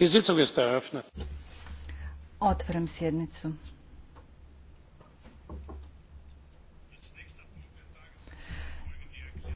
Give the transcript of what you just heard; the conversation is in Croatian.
die otvaram sjednicu.